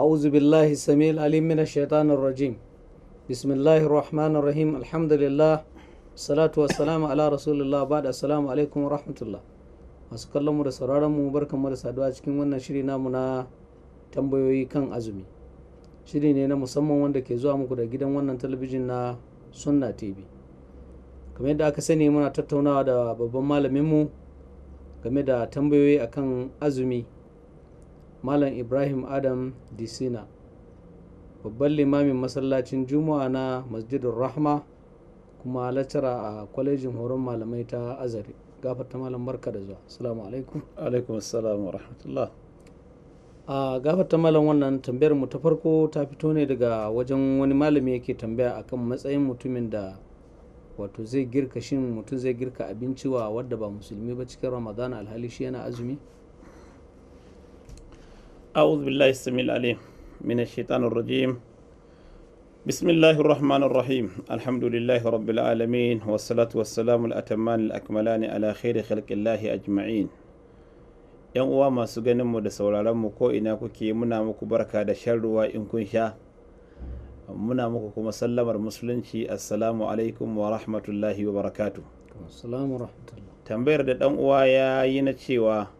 أعوذ بالله السميع العليم من الشيطان الرجيم بسم الله الرحمن salatu wassalamu ala rasulullah ba da assalamu alaikum rahmatullah masu kallon mu da sauraron mu barkan mu da saduwa cikin wannan shiri namu na tambayoyi kan azumi shiri ne na musamman wanda ke zuwa muku da gidan wannan talabijin na sunna tv kamar yadda aka sani muna tattaunawa da babban malamin mu game da tambayoyi akan azumi malam ibrahim adam disina babban limamin masallacin juma'a na masjidin rahma kuma latara a kwalejin horon malamai ta azare Gafarta malam barka da zuwa assalamu alaikum alaikum assalamu rahmatullah a gafarta malam wannan tambayar mu ta farko ta fito ne daga wajen wani malami yake tambaya akan matsayin mutumin da wato zai girka shin mutum zai girka abinci wa wadda ba musulmi ba cikin ramadana alhali shi yana azumi أعوذ بالله السميع العليم من الشيطان الرجيم بسم الله الرحمن الرحيم الحمد لله رب العالمين والصلاة والسلام الأتمان الأكملان على خير خلق الله أجمعين yan uwa masu ganin mu da sauraron mu ko ina kuke muna muku barka da shan ruwa in kun sha muna muku kuma sallamar musulunci assalamu alaikum wa rahmatullahi wa barakatu. tambayar da dan uwa ya yi na cewa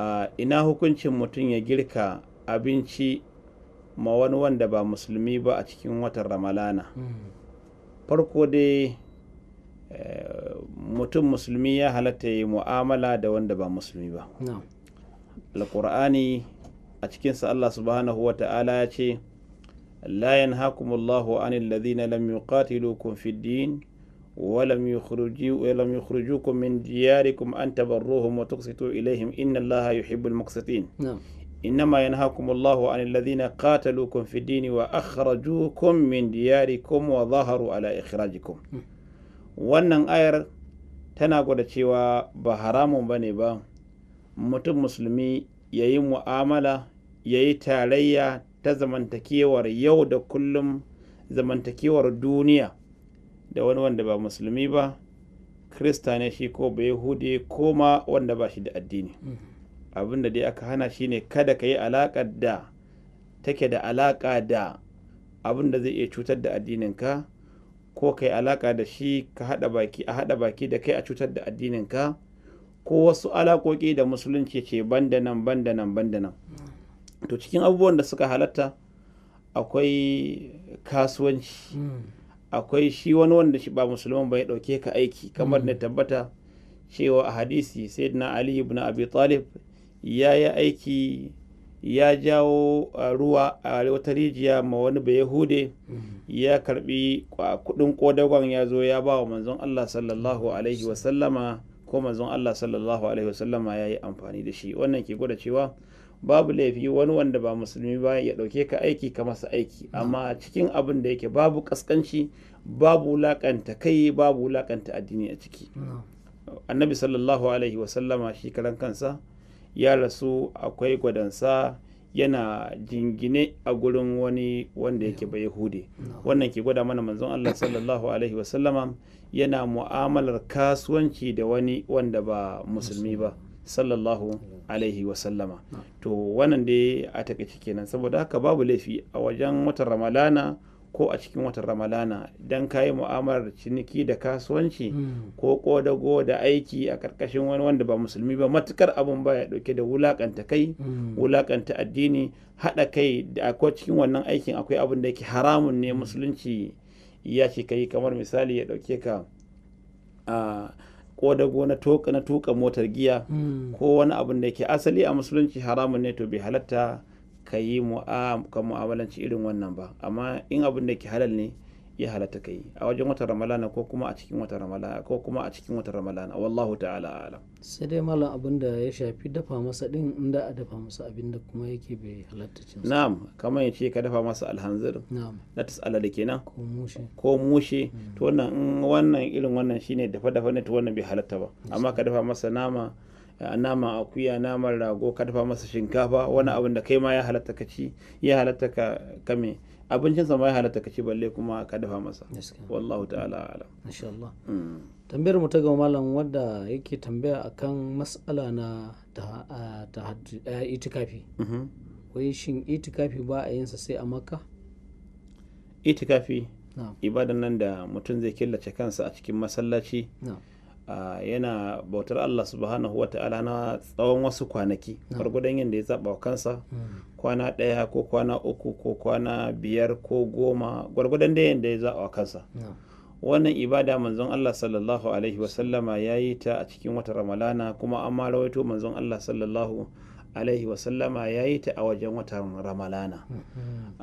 uh, ina hukuncin mutum ya girka abinci ma wani wanda ba musulmi ba a cikin watan ramalana hmm. farko dai eh, mutum musulmi ya halatta yi mu'amala da wanda ba musulmi ba alkur'ani a cikinsa allah subhanahu wa ta'ala ya ce la yanhakumullahu anil ladhina lam yuqatilukum fid din ولم يخرجوا ولم يخرجوكم من دياركم ان تبروهم وتقسطوا اليهم ان الله يحب المقسطين نعم إنما ينهاكم الله عن الذين قاتلوكم في الدين واخرجوكم من دياركم وظهروا على اخراجكم wannan ayar tana gwada cewa ba haramun ba ne ba mutum musulmi ya yi mu'amala ya yi tarayya ta zamantakewar yau da kullum zamantakewar duniya da wani wanda ba musulmi ba krista ne shi ko ba yahudi ko ma wanda ba shi da addini mm-hmm. abinda dai aka hana shi ne kada ka yi alaƙa da take da alaƙa da abin zai iya cutar da addininka ko ka yi alaƙa da shi ka haɗa baki a haɗa baki da kai a cutar da addininka ko wasu alaƙoƙi da musulunci ce ban da nan ban da nan ban da nan mm. to cikin abubuwan da suka halatta akwai kasuwanci mm. akwai shi wani wanda shi ba musulman ba ya ɗauke ka aiki kamar mm. na tabbata cewa a hadisi sayyidina ali ibn abi talib ya yi aiki ya jawo ruwa a wata rijiya ma wani bai yahude mm. ya karbi kudin kodagon ya zo ya ba wa manzon Allah sallallahu alaihi wasallama ko manzon Allah sallallahu alaihi wasallama ya yi amfani da shi wannan ke gwada cewa babu laifi wani wanda ba musulmi ba ya ɗauke ka aiki ka masa aiki mm. amma cikin abin da yake babu ƙasƙanci babu wulaƙanta kai babu wulaƙanta addini a ciki annabi sallallahu alaihi wasallama shi karan kansa ya rasu akwai gwadansa yana jingine a gurin wani wanda yake bai hude wannan ke gwada mana manzon Allah sallallahu alaihi wasallama yana mu'amalar kasuwanci da wani wanda ba musulmi ba sallallahu mm. alaihi wasallama mm. to wannan dai a takaice kenan saboda haka babu laifi a wajen watan ramalana ko a cikin watan ramalana don ka yi mu'amalar ciniki da kasuwanci mm. ko kodago da aiki a karkashin wani wanda ba musulmi ba matukar abin ya dauke da wulakanta kai wulakanta addini haɗa kai da akwai cikin wannan aikin akwai abin da yake haramun ne musulunci ya ce ka kamar misali ya dauke ka ah, kodago na toka na tuka motar giya hmm. ko wani abin da ke asali a musulunci haramun ne to bai halatta ka yi mu'amalanci irin wannan ba amma in abin da ke halal ne ya halatta ka yi a wajen wata ramalana ko kuma a cikin wata ramalana ko kuma a cikin wata ramalana wallahu ta'ala alam sai dai malam abin da ya shafi dafa masa din inda a dafa masa abin da kuma yake bai halatta cin na'am kamar ya ce ka dafa masa alhanzir na'am na tasala da kenan ko mushe ko mushe mm. to wannan in wannan irin wannan shine dafa dafa ne to wannan bai halatta ba amma ka dafa masa nama nama akuya nama rago ka dafa masa shinkafa wani abin da kai ma ya halatta ka ci ya halatta ka kame abincin sa ma ya halatta kace balle kuma ka dafa masa wallahu ta'ala alam insha Allah mm. tambayar mu ta ga malam wanda yake tambaya akan mas'ala na ta itikafi mm-hmm. wai shin itikafi ba a yin sa sai a makka itikafi ibadan nan da mutum zai killace kansa a cikin masallaci yana bautar Allah subhanahu wa ta'ala na tsawon wasu kwanaki gwargwadon yadda ya zaba kansa hmm. kwana ɗaya ko kwana uku ko kwana biyar ko goma gwargwadon da yadda ya zaba kansa wannan ibada manzon Allah sallallahu alaihi wasallama ya yi ta a cikin wata ramalana kuma an ma rawaito manzon Allah sallallahu alaihi wasallama ya yi ta a wajen watan ramalana hmm.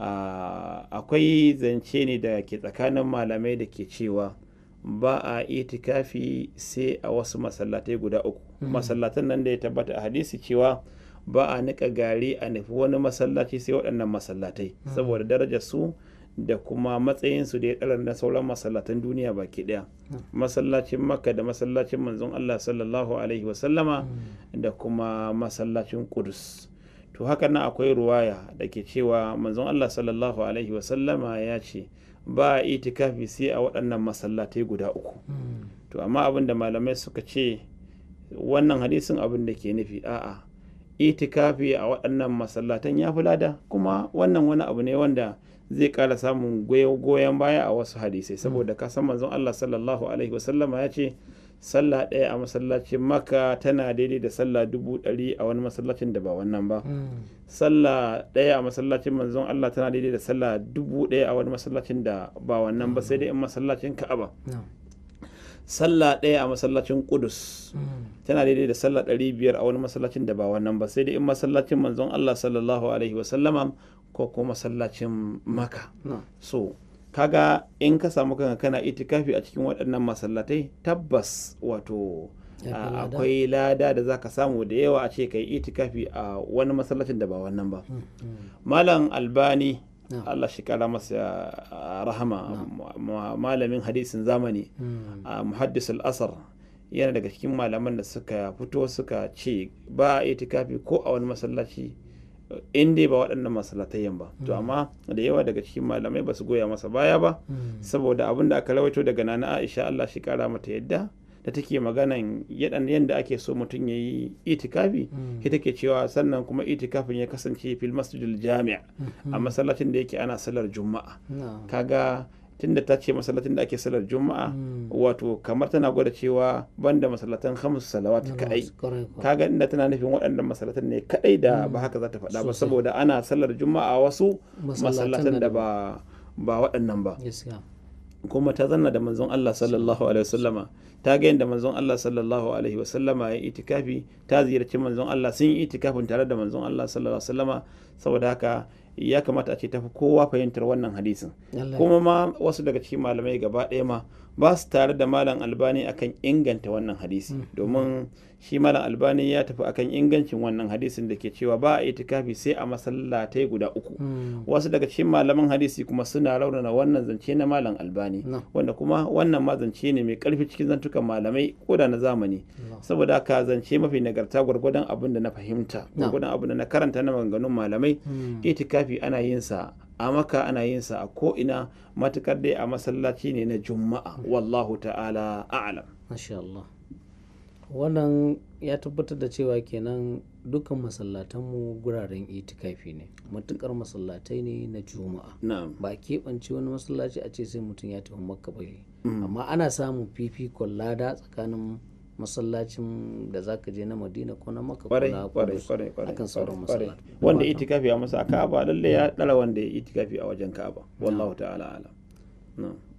akwai zance ne da ke tsakanin malamai da ke cewa ba a itikafi sai a wasu masallatai guda uku hmm. masallatan nan da ya tabbata a hadisi cewa ba a niƙa gari a nufi wani masallaci sai waɗannan masallatai hmm. saboda darajar su da kuma matsayin su da ya ɗara na sauran masallatan duniya baki ɗaya hmm. masallacin makka da masallacin manzon allah sallallahu alaihi wasallama da kuma masallacin kudus to haka nan akwai ruwaya da ke cewa manzon allah sallallahu alaihi wasallama ya ce ba a itikafi sai a waɗannan masallatai guda uku hmm. to amma abin da malamai suka ce wannan hadisin abin da ke nufi a'a itikafi a waɗannan masallatan ya fi lada kuma wannan wani abu ne wanda zai ƙara samun goyon baya a wasu hadisai hmm. saboda ka san manzon Allah sallallahu alaihi wasallama ya ce sallah ɗaya a masallacin maka tana daidai da sallah dubu ɗari a wani masallacin da ba wannan ba hmm. sallah ɗaya a masallacin manzon Allah tana daidai da sallah dubu ɗaya a wani masallacin da ba wannan ba sai dai in masallacin Ka'aba sallah ɗaya a masallacin Kudus hmm. tana daidai da sallah ɗari biyar a wani masallacin da ba wannan ba sai dai in masallacin manzon Allah sallallahu alaihi wa sallama ko kuma masallacin maka so kaga in ka samu kanka kana itikafi a cikin waɗannan masallatai tabbas wato akwai lada da zaka samu da yawa a ce ka yi itikafi a wani masallacin da ba wannan ba hmm, hmm. malam albani Allah shi kara masa rahama malamin hadisin zamani hmm. a muhaddis al-asar yana daga cikin malaman da suka fito suka ce ba a itikafi ko a wani masallaci in dai ba waɗannan masalatayyan ba to hmm. amma da yawa daga cikin malamai ba su goya masa baya ba hmm. saboda abin da aka rawaito daga nana Aisha Allah shi kara mata yadda da take maganan yadan yadda ake so mutum ya yi itikafi hmm. ita take cewa sannan kuma itikafin ya kasance fil masjidil jami'a a masallacin da yake ana salar juma'a kaga tunda ta ce masallatin da ake salar juma'a hmm. wato kamar tana gwada cewa banda masallatan hamus salawat kadai kaga inda tana nufin waɗannan masallatan ne kadai da hmm. ba haka za ta faɗa ba saboda ana sallar juma'a wasu masallatan da ba ba waɗannan ba kuma ta zanna da manzon Allah sallallahu alaihi wasallama ta ga yadda manzon Allah sallallahu alaihi wasallama ya itikafi ta ziyarci manzon Allah sun yi itikafin tare da manzon Allah sallallahu alaihi wasallama saboda haka ya kamata a ce tafi kowa fahimtar wannan hadisin kuma ma wasu daga cikin malamai gaba ɗaya ma ba su tare da malam albani akan inganta wannan hadisi mm. domin shi malam albani ya tafi akan ingancin wannan hadisin da ke cewa ba a itikafi sai a masallatai guda uku mm. wasu daga cikin malaman hadisi kuma suna raunana wannan zance na malam albani wanda kuma wannan ma zance ne mai karfi cikin zantukan malamai ko da na zamani saboda haka zance mafi nagarta gwargwadon abin da na fahimta gwargwadon abin da na karanta na maganganun malamai mm. itikafi ana yin sa a maka ana yin sa a ko'ina matukar dai a masallaci ne na juma'a wallahu ta'ala a'alam masha Allah wannan ya tabbatar da cewa kenan dukkan masallatanmu guraren itikafi ne matukar masallatai ne na juma'a ba a keɓance wani masallaci a ce sai mutum ya tafi makka ba mm. amma ana samun fifikon lada tsakanin masallacin da za ka je na madina ko na maka ko na kwarai akan sauran masallaci wanda itikafi a masa kaba lalle ya dala wanda ya itikafi a wajen kaba wallahu ta'ala ala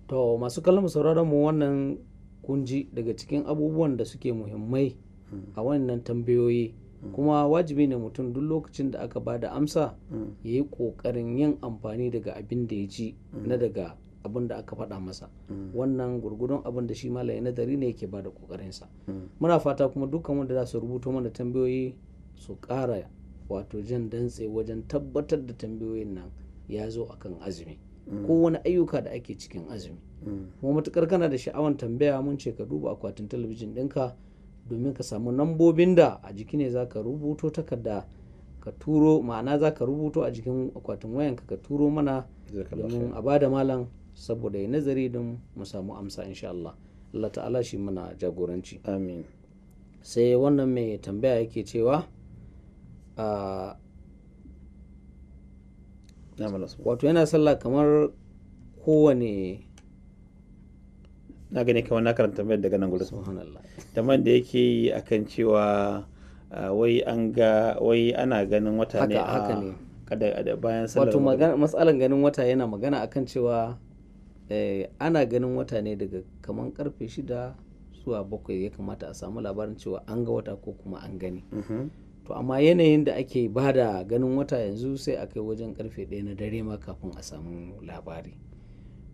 to masu kallon sauraron mu wannan kunji daga cikin abubuwan da suke muhimmai hmm. a wannan tambayoyi hmm. kuma wajibi ne mutum duk lokacin da aka ba da amsa hmm. ya yi ƙoƙarin yin amfani daga abin da ya ji na daga abin da aka faɗa masa mm. wannan gurgudun abin da shi malaye nazari ne yake ba da ƙoƙarinsa mm. muna fata kuma dukkan wanda za su rubuto mana tambayoyi su ƙara wato jan dantse wajen tabbatar da tambayoyin nan ya zo akan azumi mm. ko wani ayyuka da ake cikin azumi kuma matukar kana da sha'awan tambaya mun ce ka duba akwatin talabijin ɗinka domin ka samu nambobin da a jiki ne za ka rubuto takarda ka turo ma'ana za ka rubuto a jikin akwatin wayanka ka turo mana domin a bada malam saboda ya nazari don mu samu amsa insha Allah Allah ta'ala shi muna jagoranci amin sai wannan mai tambaya yake cewa wato yana sallah kamar kowane na gani kamar na karanta tambayar daga nan gudu tambayar da yake yi akan cewa wai an ga wai ana ganin wata ne a kada bayan sallar wato matsalan ganin wata yana magana akan cewa eh, ana ganin wata ne daga kaman karfe shida zuwa bakwai ya kamata a samu labarin cewa an ga wata ko kuma an gani mm -hmm. to amma yanayin da ake bada ganin wata yanzu sai a kai wajen karfe ɗaya na dare ma kafin a samu labari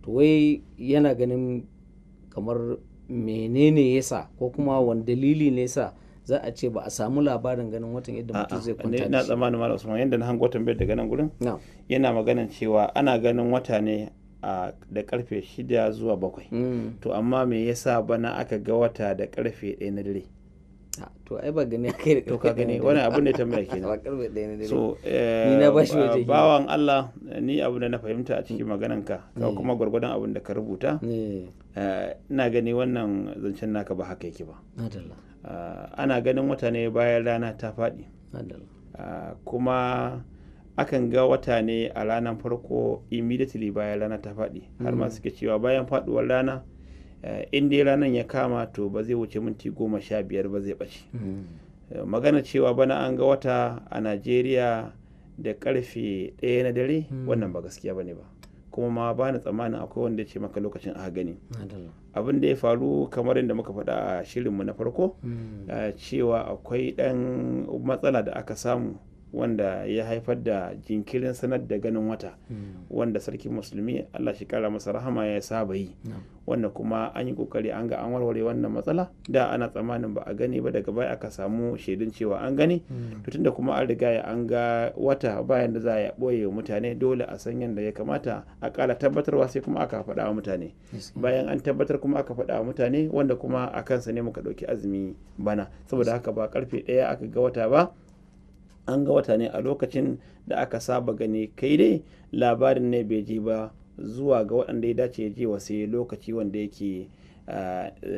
to wai yana ganin kamar menene yasa ko kuma wani dalili ne yasa za a ce ba a samu labarin ganin watan yadda mutum zai kwanta na tsammanin malam usman yadda na hango tambayar daga nan gurin yana maganan cewa ana ganin wata ne da karfe 6 zuwa 7 mm. to amma me yasa bana aka ga wata da karfe 1 na dare ah, to ai ba gani aka da to ka gani wani abu da tambaya kenan ba karfe 1 na dare so eh, ni na bashi waje bawan Allah ni abu da na fahimta a cikin mm. maganan ka ka mm. kuma gwargwadon abin da ka rubuta eh. Eh, ina gani wannan zancen naka ba haka yake ba ah, ana ganin mutane bayan rana ta faɗi ah, kuma akan ga wata ne a ranar farko immediately bayan rana ta faɗi har ma hmm. suke cewa bayan faɗuwar rana eh, in dai ranar ya kama to ba zai wuce minti goma sha biyar ba zai ɓace hmm. eh, magana cewa bana an ga wata a najeriya da karfe ɗaya na dare hmm. wannan ba gaskiya ba ne ba kuma ma ba na tsammanin akwai wanda ya ce maka lokacin a gani abin da ya faru kamar yadda muka faɗa a shirinmu na farko eh, cewa akwai ɗan matsala da aka samu wanda ya haifar da jinkirin sanar da ganin wata hmm. wanda sarki musulmi Allah shi kara masa rahama ya saba yi wanda kuma an yi kokari an ga an warware wannan matsala da ana tsammanin ba a gani ba daga baya aka samu shaidun cewa an gani hmm. Tutun da kuma an riga ya an ga wata bayan da za a boye mutane dole a san yadda ya kamata a kala tabbatarwa sai kuma aka faɗa wa mutane bayan an tabbatar kuma aka faɗa wa mutane wanda kuma a kansa ne muka ɗauki azumi bana saboda haka ba karfe ɗaya aka ga wata ba an ga wata ne a lokacin da aka saba gani kai dai labarin ne bai ji ba zuwa ga waɗanda ya dace ya ji wa sai lokaci wanda yake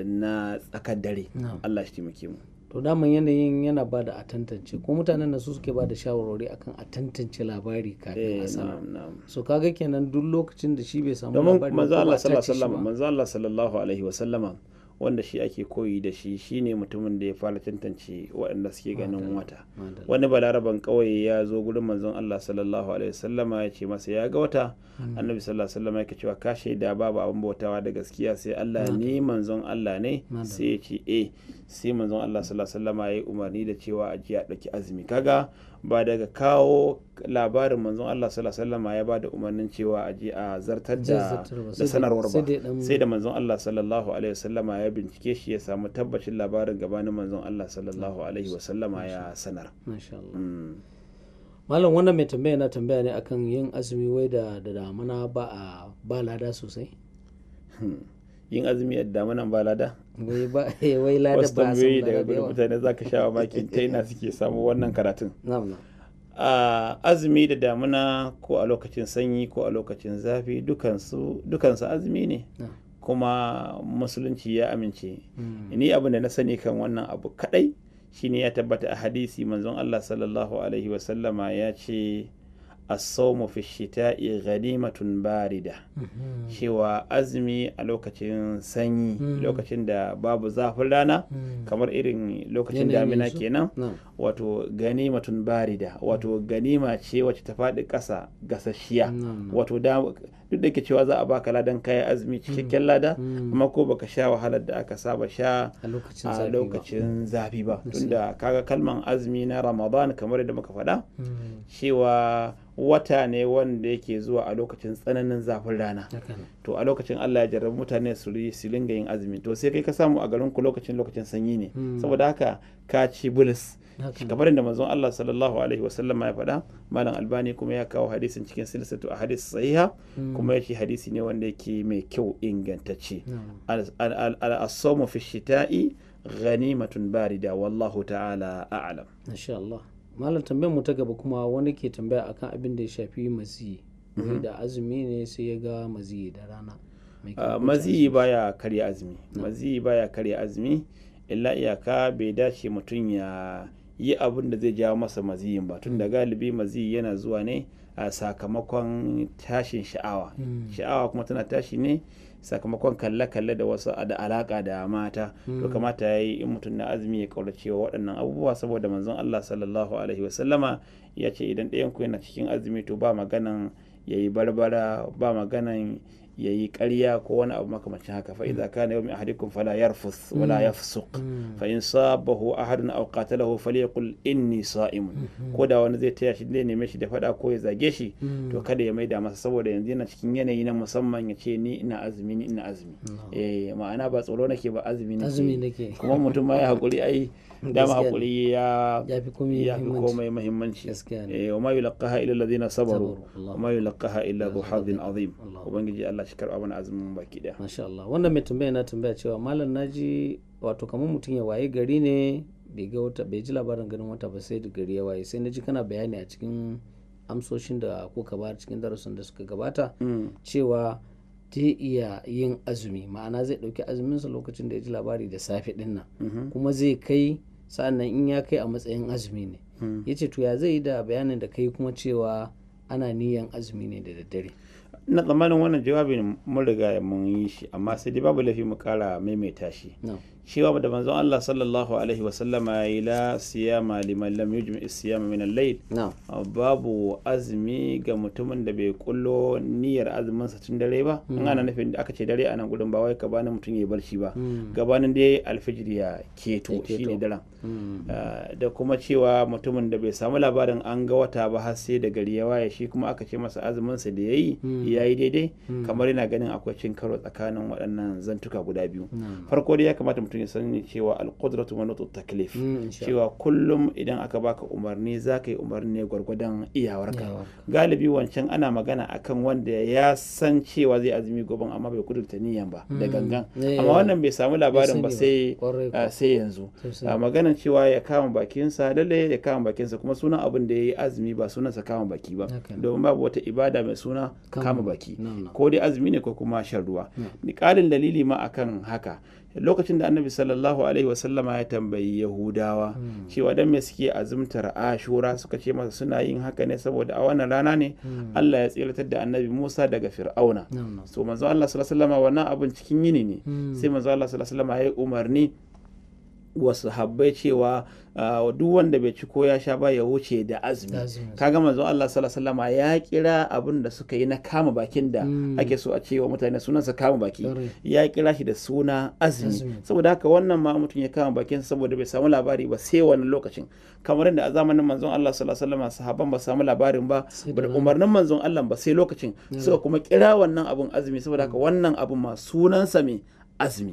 na tsakar dare Allah shi taimake mu to daman yanayin yana ba da atantance ko mutanen da su suke ba da shawarwari akan atantance labari kafin a eh, samu so kaga kenan duk lokacin da shi bai samu labari ba manzo Allah sallallahu alaihi wa sallama wanda shi ake koyi da shi ne mutumin da ya fara tantance waɗanda suke ganin wata wani balaraban kawai ya zo gurin manzon Allah sallallahu alaihi wasallama ya ce masa ya ga wata hmm. annabi sallallahu alaihi wasallama ya cewa ka shaida babu abin bautawa da gaskiya sai Allah ne manzon Allah ne sai ya ce eh sai manzon Allah sallallahu alaihi wasallama ya yi umarni da cewa a ji a ɗauki azumi kaga ba daga kawo labarin manzon Allah sallallahu alaihi wasallam ya ba da umarnin cewa a je a zartar da sanarwar ba sai da manzon Allah sallallahu alaihi wasallam ya bincike shi ya samu tabbacin labarin gabanin manzon Allah sallallahu alaihi wasallam ya sanar mm. malam wannan mai tambaya na tambaya ne akan yin azumi wai da damuna ba a ba lada sosai hmm. yin azumi a damunan ba lada wai ba eh, lada ba Wasu tambayoyi daga gurin mutane za ka sha wa ta ina suke samu wannan karatun a azumi da damuna ko a lokacin sanyi ko a lokacin zafi dukansu azumi ne kuma musulunci ya amince hmm. ni abin da na sani kan wannan abu kadai shine ya tabbata a hadisi manzon Allah sallallahu alaihi wasallama ya ce as i gani matun barida mhm. cewa azumi a lokacin sanyi mhm. lokacin da babu zafin rana mhm. kamar irin lokacin damina kenan wato ganimatun barida wato ganima ce wacce ta faɗi ƙasa gasashiya wato duk da ke cewa za a baka ladan kayan azumi cikakken hmm. lada amma hmm. ko baka sha wahalar da aka saba sha a lokacin zafi ba tunda kaga kalman azumi na ramadan kamar yadda muka faɗa hmm. cewa wata ne wanda yake zuwa a lokacin tsananin zafin rana to a lokacin Allah ya jarrabi mutane su linga yin azumi to sai kai ka samu a garin ku lokacin lokacin sanyi ne saboda haka ka ci bulus kamar da manzon Allah sallallahu alaihi sallam ya faɗa malam albani kuma ya kawo hadisin cikin silsatu a hadis sahiha hmm. kuma yake hadisi ne wanda yake mai kyau ingantacce hmm. al-asamu fi shita'i ghanimatun barida wallahu ta'ala a'lam insha Allah malam tambayar mu ta gaba kuma wani ke tambaya akan abin da ya shafi mazi mhm. da azumi ne sai ya ga mazi da rana ah, mazi baya karya azumi mazi baya karya azumi illa iyaka bai dace mutum ya yi abin da zai jawo masa maziyin ba tun da galibi maziyi yana zuwa ne a sakamakon tashin sha'awa hmm. sha'awa kuma tana tashi ne sakamakon kalle-kalle da wasu da alaka da mata to hmm. kamata ya yi in mutum na azumi ya kaura cewa waɗannan abubuwa saboda manzon Allah sallallahu alaihi wasallama ya ce idan ɗayan ku yana cikin azumi to ba maganan ya yi barbara ba maganan ya yi ƙarya ko wani abu makamacin haka fa idza kana yawmi ahadikum fala yarfus wala mm. yafsuq mm. fa in sabahu ahadun aw qatalahu falyaqul inni sa'im mm-hmm. ko da wani zai taya shi ne neme shi da fada ko ya zage shi mm. to kada ya maida masa saboda yanzu yana cikin yanayi na musamman ya ce ni ina azumi ni ina azumi mm-hmm. eh ma'ana ba tsoro nake ba azumi nake kuma mutum ma ya hakuri ai dama hakuri ya fi komai muhimmanci eh wa ma yulqaha illa alladhina sabaru wa ma yulqaha illa hadin azim ubangiji Allah Allah shi karɓa mana azumin baki daya masha Allah wanda mai tambaya na tambaya cewa malam naji wato kamar mutum ya waye gari ne bai ji labarin ganin wata ba sai da gari ya waye sai na ji kana bayani a cikin amsoshin da ka ba cikin darasin da suka gabata mm. cewa zai iya yin azumi ma'ana zai ɗauki azuminsa lokacin da ya ji labari da safe ɗin nan mm-hmm. kuma zai kai sa'annan in ya kai a matsayin azumi ne mm. ya ce to ya zai yi da bayanin da kai kuma cewa ana niyan azumi ne da daddare na tsammanin wannan jawabin mun riga mun yi shi amma sai dai babu laifi mu kara maimaita shi shi ba da manzon Allah sallallahu alaihi wa sallama la siyama liman lam yujmi siyama min al-layl babu azumi ga mutumin da bai kullo niyyar azumin sa tun dare ba in hmm. ana nufin da aka ce dare anan gudun ba wai gabanin mutum ya bar barci ba hmm. gabanin dai alfijir ya keto shine daren hmm. ah, da kuma cewa mutumin da bai samu labarin an ga wata ba har sai da gari ya waye shi kuma aka ce masa azumin sa da yayi yayi daidai kamar yana ganin akwai cin karo tsakanin waɗannan zantuka guda biyu farko dai ya kamata mutum ya sani cewa alƙudratu manatu taklif mm, cewa kullum idan aka baka umarni zaka yi umarni ne gwargwadon iyawarka galibi wancan ana magana akan wanda ya san cewa zai azumi goban amma bai kudurta niyan ba da mm, gangan eh, amma wannan bai samu labarin ba sai ah, sai yanzu ah, maganan cewa ya kama bakinsa lalle ya kama bakinsa kuma sunan abin da ya yi azumi ba sunansa kama baki ba domin babu wata ibada mai suna kama baki ko dai azumi ne ko kuma shan ruwa ni dalili ma akan haka lokacin da annabi sallallahu alaihi wasallama ya tambayi yahudawa hmm. cewa dan me suke azumtar ashura suka ce masa suna yin haka ne saboda a wannan rana ne hmm. Allah ya tsiratar da annabi Musa daga fir'auna so manzo Allah sallallahu alaihi wasallama wannan abin cikin yini ne hmm. sai manzo Allah sallallahu alaihi wasallama ya umarni Wasu habbai cewa ah, duk wanda bai ci ko ya sha ba ya wuce da azumi kaga manzo Allah sallallahu alaihi ya kira abin da suka yi na kama bakin da mm. ake so a ce wa mutane sunansa kama baki ya kira shi da suna azumi saboda haka wannan ma mutum ya kama bakin saboda bai samu labari ba sai wani lokacin kamar da a zamanin manzon Allah sallallahu alaihi sahabban ba samu labarin ba bar umarnin manzon Allah ba sai lokacin suka kuma kira wannan abun azumi saboda haka mm. wannan abun ma sunansa me azumi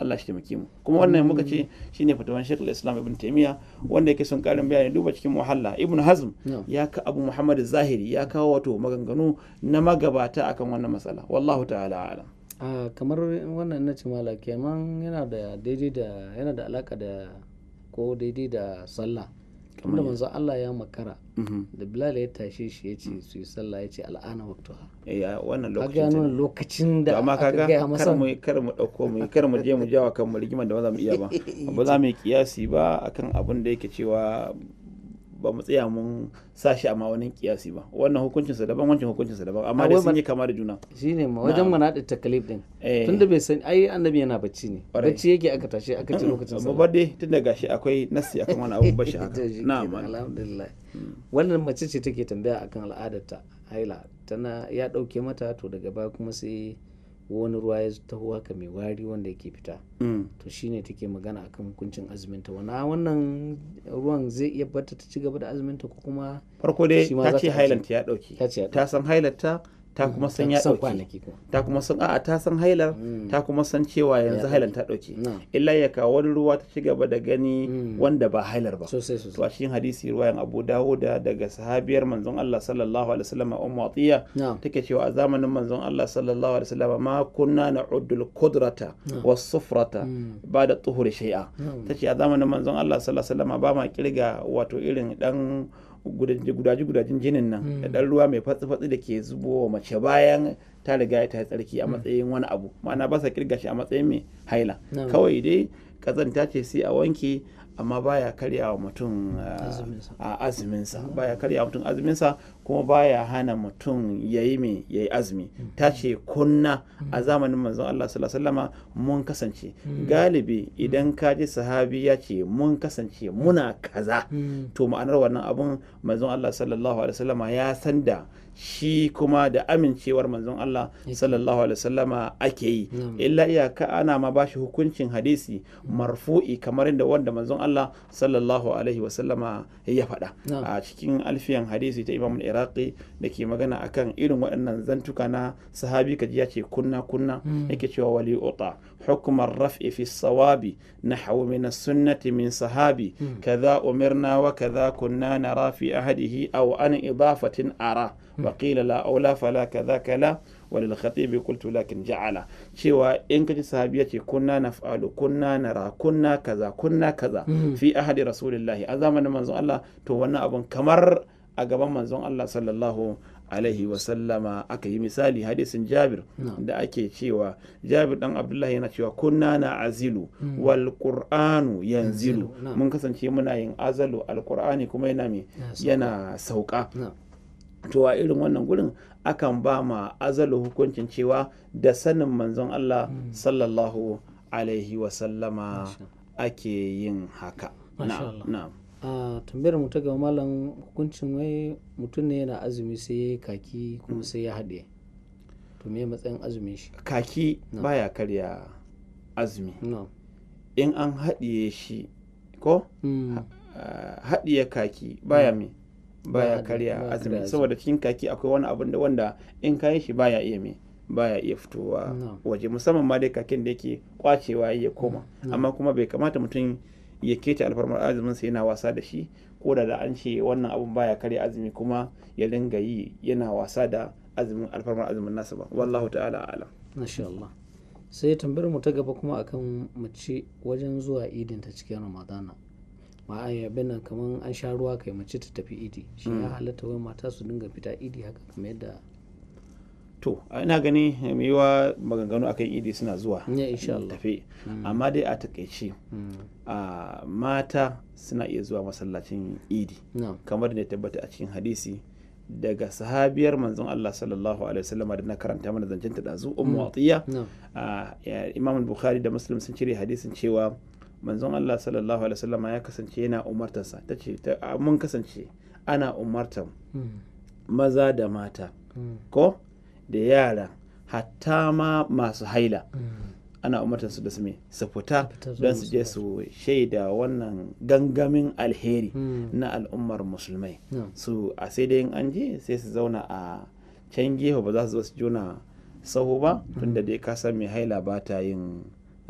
Allah shi taimake mu kuma wannan muka ce shine fatawan Sheikh Islam Ibn Taymiyyah wanda yake son karin bayani duba cikin muhalla Ibn Hazm ya ka Abu Muhammad Zahiri ya kawo wato maganganu na magabata akan wannan matsala wallahu ta'ala alam kamar wannan na malaka man yana da daidai da yana da alaka da ko daidai da sallah kuma manzo Allah ya makara da bilal ya tashe shi ya ce su yi sallah ya ce al'ana waktuha eh, wannan lokacin kaga lokacin da amma kaga mu kar mu dauko mu kar mu je mu jawa kan mu rigima da ba mu iya ba ba za mu yi kiyasi ba akan abin da yake cewa ba mu tsaya mun sashi a ma'aunin kiyasi ba wannan hukuncinsa daban wancan hukuncinsa daban amma dai sun yi kama da juna shine ma wajen da takalif din eh. tunda bai san ai annabi yana bacci ne bacci yake aka tashi aka ci lokacin sa babba dai da gashi akwai nasi akan wani abu bashi haka na'am alhamdulillah hmm. wannan mace ce take tambaya akan al'adarta haila tana ya dauke mata to daga baya kuma sai wani ruwa ya taho haka mai wari wanda yake fita mm. to shine take magana akan hukuncin azumin ta wannan ruwan zai iya bata ta ci gaba da azumin ta ko kuma farko dai ta ce highland ya dauke ta san highland ta ta mm, kuma san ya dauke ta kuma san a'a ta san hailar mm. ta kuma san cewa yanzu hailar ta dauke illa ya kawo wani ruwa ta ci gaba da gani mm. wanda ba hailar ba to a cikin hadisi ruwayan Abu Dawuda daga sahabiyar manzon Allah sallallahu alaihi wasallam Ummu Atiya take cewa a zamanin manzon Allah sallallahu alaihi wasallam ma kunna na'uddu al qudrata was sufrata ba'da tuhuri shay'a tace a zamanin manzon Allah sallallahu alaihi wasallam ba ma kirga wato irin dan gudaje-gudajen jinin nan hmm. da ɗan ruwa mai fatsi-fatsi da ke zubo wa mace bayan ta riga ta tsarki a hmm. matsayin wani abu ma'ana ba sa kirga shi a matsayin mai haila kawai dai kazanta ce sai a wanke amma baya karya wa mutum ah, a ah, baya karya wa mutum azuminsa kuma baya hana mutum ya yi me azumi mm. ta ce kunna mm. a zamanin manzon Allah sallallahu mun kasance mm. galibi idan ka ji sahabi ya ce mun kasance muna kaza to ma'anar wannan abun manzon Allah sallallahu alaihi wasallama ya san da shi kuma da amincewar manzon Allah sallallahu alaihi wasallama ake yi illa iyaka ana ma bashi hukuncin hadisi marfu'i kamar inda wanda manzon Allah sallallahu alaihi wasallama ya faɗa a cikin alfiyan hadisi ta Imam Iraqi da ke magana akan irin waɗannan zantuka na sahabi kaji ya ce kunna kunna hmm. yake cewa wali uta hukumar raf'i fi sawabi nahwu min as-sunnati min sahabi hmm. kaza umirna wa kaza kunna nara fi ahadihi aw an ara hmm. faƙila la aula fala kaza kala walil khatibi qultu lakin ja'ala cewa in kaji sahabi yace kunna naf'alu kunna nara kunna kaza kunna kaza hmm. fi ahadi rasulillahi a zamanin manzon Allah to wannan abun kamar a gaban manzon Allah sallallahu alaihi sallama aka yi misali hadisin jabir da ake cewa jabir dan abdullahi yana cewa kunna na azilu hmm. wal qur'anu yanzilu mun kasance muna yin azalu al qur'ani kuma yana sauƙa. yana sauka to a irin wannan gurin akan ba ma azalu hukuncin cewa da sanin manzon Allah hmm. sallallahu alaihi wasallama ake yin haka na tambayar mu ta gaba malam hukuncin wai mutum ne yana azumi sai ya kaki kuma hmm. sai ya haɗe to me matsayin azumin shi kaki baya karya azumi in an haɗiye shi ko hmm. eh, haɗiye kaki baya me baya karya azumi saboda cikin kaki akwai wani abun da wanda in kayan yi shi baya iya me baya iya fitowa waje musamman ma dai kakin da yake kwacewa ya koma amma kuma bai kamata mutum ya keta alfarmar azumin sa yana wasa da shi ko da an ce wannan abun baya karya azumi kuma ya dinga yi yana wasa da azumin alfarmar azumin nasa ba wallahu ta'ala alam masha Allah sai tambayar mu ta gaba kuma akan mu mace wajen zuwa idin ta cikin ramadana ma'ai abin nan kamar an sha ruwa kai mace ta tafi idi shi ya hmm. halatta wai mata su dinga fita idi haka kamar yadda to ina gani mai yiwa maganganu akan idi suna zuwa tafi hmm. amma dai a takaice hmm. mata suna iya zuwa masallacin idi kamar da tabbata a cikin hadisi daga sahabiyar manzon Allah sallallahu alaihi wasallam da na karanta mana zancen ta zu ummu atiya imam bukhari da muslim sun cire hadisin cewa manzon Allah sallallahu alaihi wasallam ya kasance yana umartarsa ta tace mun kasance ana umartar hmm. maza da mata hmm. ko da yara hatta ma masu haila hmm. ana umartar su da su su fita don su je su shaida wannan gangamin alheri na al'ummar musulmai su a sai dai an je sai su zauna a can gefe ba za su zo su juna sahu ba tunda dai ka san mai haila ba ta yin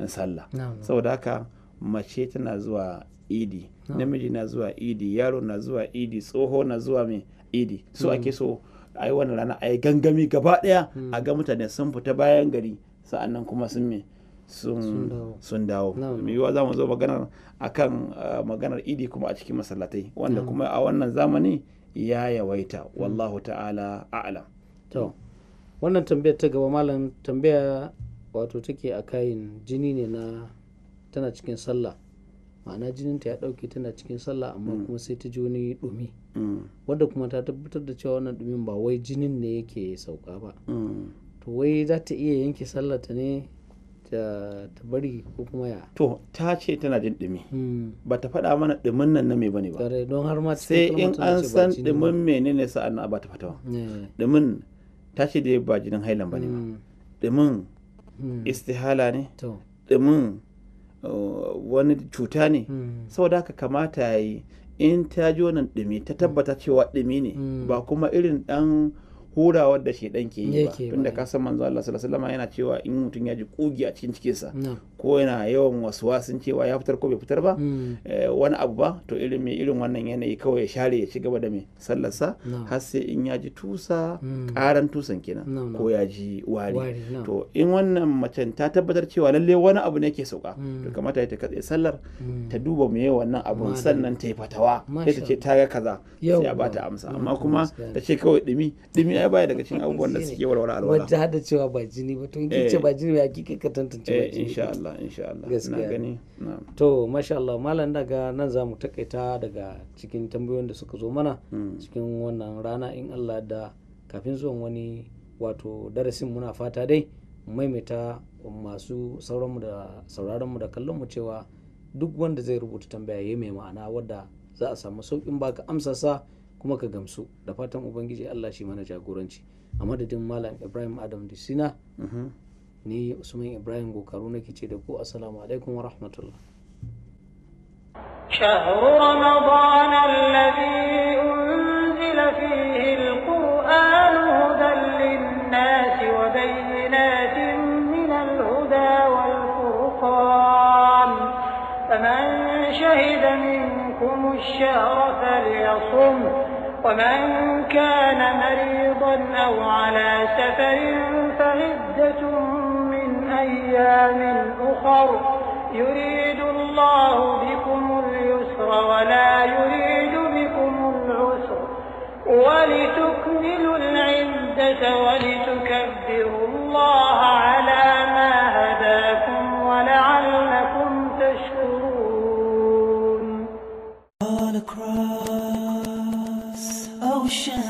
sallah saboda haka mace tana zuwa idi ah. namiji na zuwa idi yaro na zuwa idi tsoho na zuwa mai idi so, mm. ake so a yi wannan rana a yi gangami gaba daya hmm. a ga mutane sun fita bayan gari sa'annan kuma sun sun dawo yiwuwa za mu zo maganar akan kan maganar idi kuma a cikin masallatai wanda kuma a wannan zamani ya yawaita wallahu ta'ala a'lam to wannan tambayar ta gaba malam tambaya wato take a kayan jini ne na tana cikin sallah ma'ana jininta ya dauke tana cikin sallah amma mm. kuma sai ta ji wani dumi mm. wadda kuma ta tabbatar da cewa wannan dumin ba wai jinin ne yake sauka ba mm. to wai za ta iya yanke sallah ta ne ta bari ko kuma ya to ta ce tana jin dumi hmm. ba ta faɗa mana dumin nan na me bane ba don har ma sai in an san dumin menene sa'an na ba ta fata eh. ɗumin ta ce dai ba jinin hailan bane ba dumin hmm. hmm. istihala ne dumin Uh, wani cuta ne hmm. saboda haka kamata ya yi in ta ji wannan ɗumi ta tabbata cewa ɗumi ne hmm. ba kuma irin ɗan hurawa da shi ɗan ke yi ba tunda eh. ka san manzo Allah sallallahu alaihi yana cewa in mutum ya ji kugi a cikin cikinsa ko yana yawan wasan cewa ya fitar ko bai fitar ba mm. eh, wani abu ba to irin mai irin wannan yanayi kawai ya share ya ci gaba da mai sallarsa har sai in ya ji tusa karan mm. tusan kenan ko ya ji wari to in wannan macen ta tabbatar cewa lalle wani abu ne ke sauka to mm. kamata ta katse sallar ta duba me wannan abun sannan ta yi fatawa sai ta ce ta ga kaza sai a bata amsa amma kuma ta ce kawai dimi dimi ai baya daga cikin abubuwan da suke walwala alwala wanda hada cewa ba jini ba to in ce ba eh. jini ba hakika ka tantance eh, ba insha Allah Allah insha Allah gaskiya gani to masha Allah malam daga nan zamu takaita daga cikin tambayoyin da suka zo mana hmm. cikin wannan rana in Allah da kafin zuwan wani wato darasin muna fata dai maimaita masu sauranmu da sauraronmu da kallonmu cewa duk wanda zai rubuta tambaya ya mai ma'ana wadda za a samu sauƙin baka amsarsa kuma ka gamsu da fatan ubangiji Allah shi mana jagoranci a madadin malam Ibrahim Adam Disina mhm. ni usman ibrahim gokaru nake ce da ku assalamu alaikum wa rahmatullah شهر رمضان الذي أنزل فيه القرآن هدى للناس وبينات من الهدى والفرقان فمن شهد منكم الشهر فليصم ومن كان مريضا أو على سفر فعدة أيام أخر يريد الله بكم اليسر ولا يريد بكم العسر ولتكملوا العدة ولتكبروا الله على ما هداكم ولعلكم تشكرون All across ocean oh,